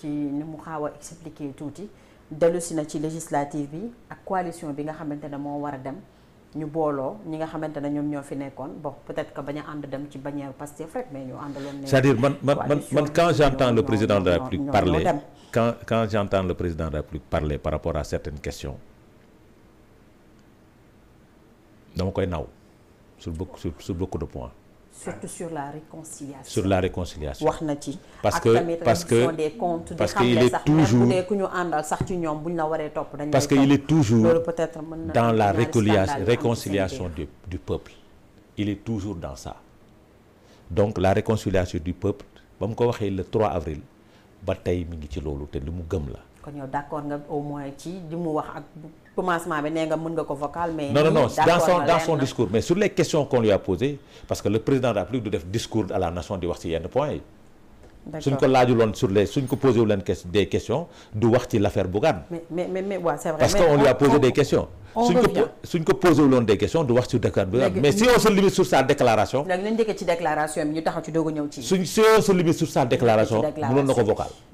ci ni mu xaaw a expliqué tuuti dellusi na ci législative bi ak coalition bi nga xamante ne moo war a dem ñu booloo ñi nga xamante ne ñoom ñoo fi nekkoon bon peut-être que bañ a ànd dem ci bannière Pastef rek mais ñu àndaloon. c'est-à-dire man man quand j'entends le président de la République parler quand quand j'entends le président de la République parler par rapport à certaines questions dama koy naw sur beaucoup sur beaucoup de points surtout sur la réconciliation sur la réconciliation parce que parce que parce est toujours parce que est toujours dans la réconciliation du peuple il est toujours dans ça donc la réconciliation du peuple le 3 avril ba tey le Mugamla kon yow d'accord nga au moins ci li mu wax ak commencement bi nee nga mën nga ko vocal mais. non non non dans son dans son discours mais sur les questions qu'on lui a posées parce que le président de la République du def discours à la nation di wax ci yenn points yi. suñ ko laajuloon sur les suñ ko poser wu des questions du wax ci l'affaire Bougane. mais mais mais, mais ouais, c'est vrai parce qu'on lui a posé on, des questions. suñ ko suñ ko posé wu des questions du wax ci Dakar Bougane. mais si on se limite sur sa déclaration. nak nañ njëkkee ci déclaration bi ñu taxaw ci dogu ñew ci. suñ si on se limite sur sa déclaration. mënoon na ko vocal.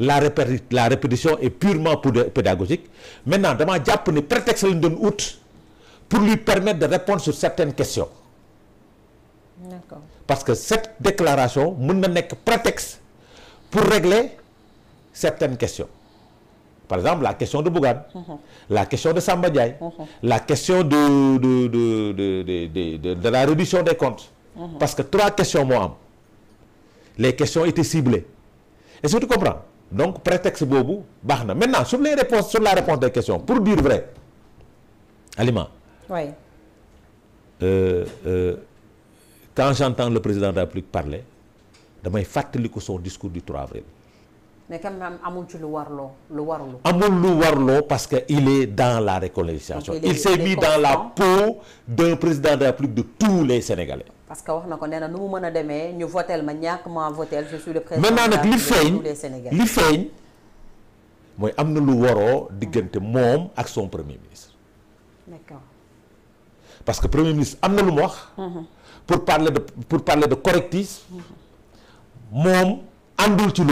la répétition est purement pédagogique maintenant dama jàpp ni prétexte de pour lui permettre de répondre sur certaines questions. parce que cette déclaration n'est que prétexte pour régler certaines questions par exemple la question de Bougan, mhm. la question de Samba mhm. la question de la réduction des comptes. Mhm. parce que trois questions moi. les questions étaient ciblées est-ce que tu comprends donc prétexte Bobu, maintenant sur les réponses sur la réponse des questions pour dire vrai Alima. oui. Euh, euh, quand j'entends le président de la République parler damay que son discours du 3 avril. mais quand même amul ci lu parce qu'il est dans la réconciliation. il s'est mis dans la peau d'un président de la République de tous les Sénégalais parce que nous avons nous nu mu Nous je suis le président maintenant la li li c'est lu son premier ministre d'accord parce que premier ministre a mhm. pour parler de pour parler de correctisme tu ci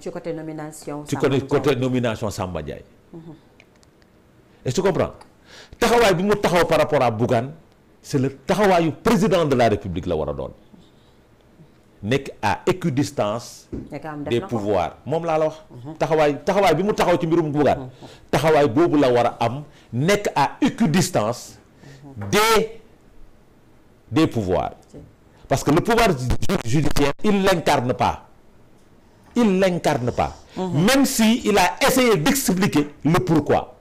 Tu connais côté nomination connais côté nomination Samba mhm. est-ce que tu comprends taxaway bi mu taxaw par rapport à bougan c'est le président de la République la wara don nek à équidistance des pouvoirs mom la la wax mhm. taxaway taxaway bi mu taxaw ci mbirum bougan mhm. taxaway bobu la wara am nek à équidistance mhm. des des pouvoirs parce que le pouvoir judiciaire il l'incarne pas il l'incarne pas même si il a essayé d'expliquer le pourquoi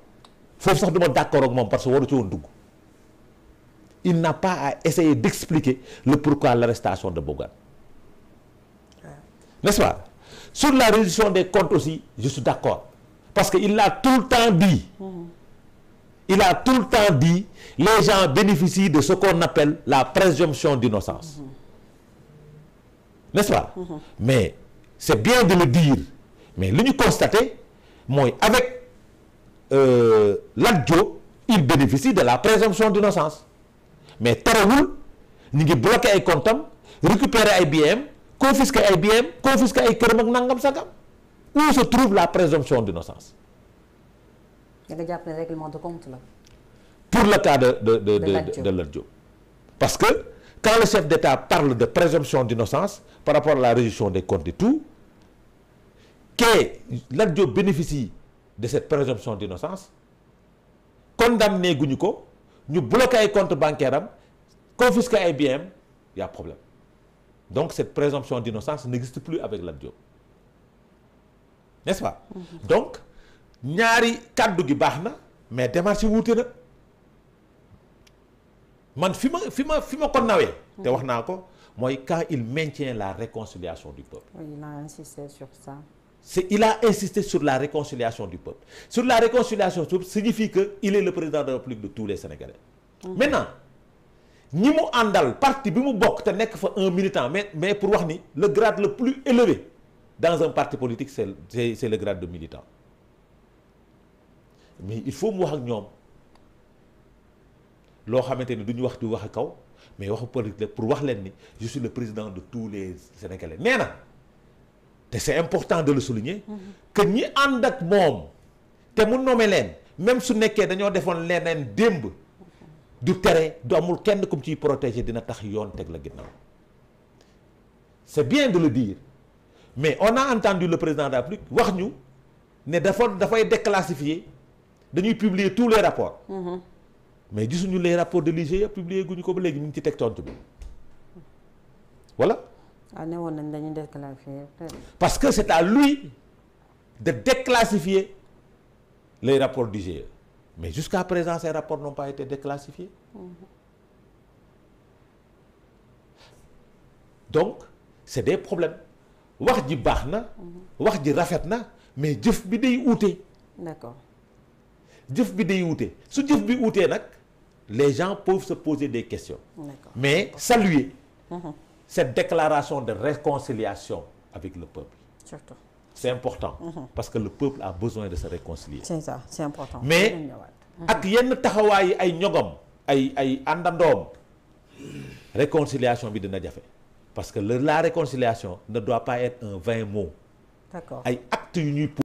faut d'accord avec parce que il n'a pas à essayer d'expliquer le pourquoi l'arrestation de Bogan. n'est-ce pas sur la résolution des comptes aussi je suis d'accord parce qu'il il l'a tout le temps dit mm-hmm. il a tout le temps dit les gens bénéficient de ce qu'on appelle la présomption d'innocence mm-hmm. n'est-ce pas mm-hmm. mais c'est bien de le dire mais le nu constaté moi avec euh, Ladjo, il bénéficie de la présomption d'innocence. Mais Taroul, nous avons bloqué les comptes, récupéré IBM, confisqué IBM, confisqué IBM, nangam ça. Où se trouve la présomption d'innocence Il y a déjà un règlement de compte là. Pour le cas de, de Ladjo. Parce que quand le chef d'État parle de présomption d'innocence par rapport à la réduction des comptes et tout, que Ladjo bénéficie de cette présomption d'innocence condamner Gouniko, nous bloquer les comptes compte bancaire IBM, il y a problème donc cette présomption d'innocence n'existe plus avec l'Adio. n'est-ce pas mm-hmm. donc ñaari cadre gi baax mais démarche wuute na man fima, fima, fima, ko je te il maintient la réconciliation du peuple oui, il a insisté sur ça il a insisté sur la réconciliation du peuple. Sur la réconciliation du peuple signifie qu'il est le président de la République de tous les Sénégalais. Maintenant, ni andal, parti, bok, un militant, mais, pour le grade le plus élevé dans un parti politique, c'est le grade de militant. Mais il faut que nous mais pour je suis le président de tous les sénégalais Maintenant, c'est important de le souligner que ni avons mom, te mu nomé len, même su nous avons defoon leneen du terrain, du amul kenn comme ciy protéger dina tax yoon la c'est bien de le dire mais on a entendu le président de la République wax ñu ne dafa dafay déclassifier publier tous les rapports mhm. mais mais avons les rapports de l'IGE publier guñu ko ba léegi voilà ah, Parce que c'est à lui de déclassifier les rapports du GIE. Mais jusqu'à présent, ces rapports n'ont pas été déclassifiés. Mm-hmm. Donc, c'est des problèmes. wax di baxna, mm-hmm. wax di rafet mais jëf bi day outé. d'accord jëf bi day outé. su jëf bi outé nak, les gens peuvent se poser des questions. mais saluer. Mm-hmm cette déclaration de réconciliation avec le peuple. C'est important. Parce que le peuple a besoin de se réconcilier. C'est ça, c'est important. Mais, ak yenn a réconciliation bi dina parce que la réconciliation ne doit pas être un vain mot. D'accord.